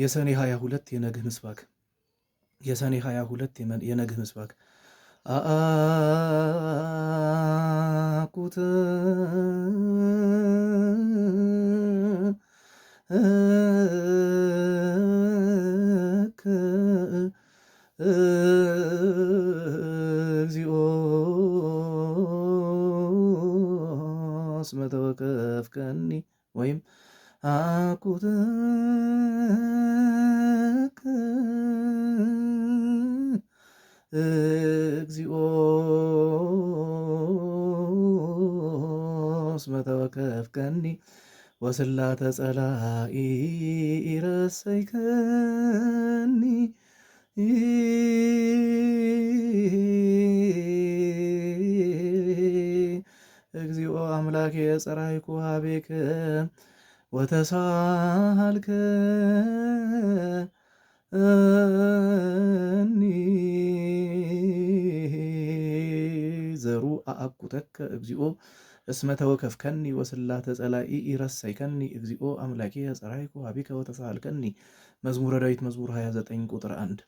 የሰኔ 22 የነግህ ምስባክ የሰኔ 22 የነግህ ምስባክ አቁት እግዚኦ እስመ ተወከፍከኒ ወይም አቁት እግዚኦ እስመ ተወከፍከኒ ወስላተ ጸላኢ ረሰይከኒ እግዚኦ አምላኬ የጸራይኩ ሀቤከ ወተሳሃልከ አአኩተከ እግዚኦ እስመ ተወከፍከኒ ወስላተ ጸላኢ ኢረሳይከኒ እግዚኦ አምላኬ ጸራይኩ ሀቢከ ወተሳልከኒ መዝሙረ ዳዊት መዝሙር 29 ቁጥር 1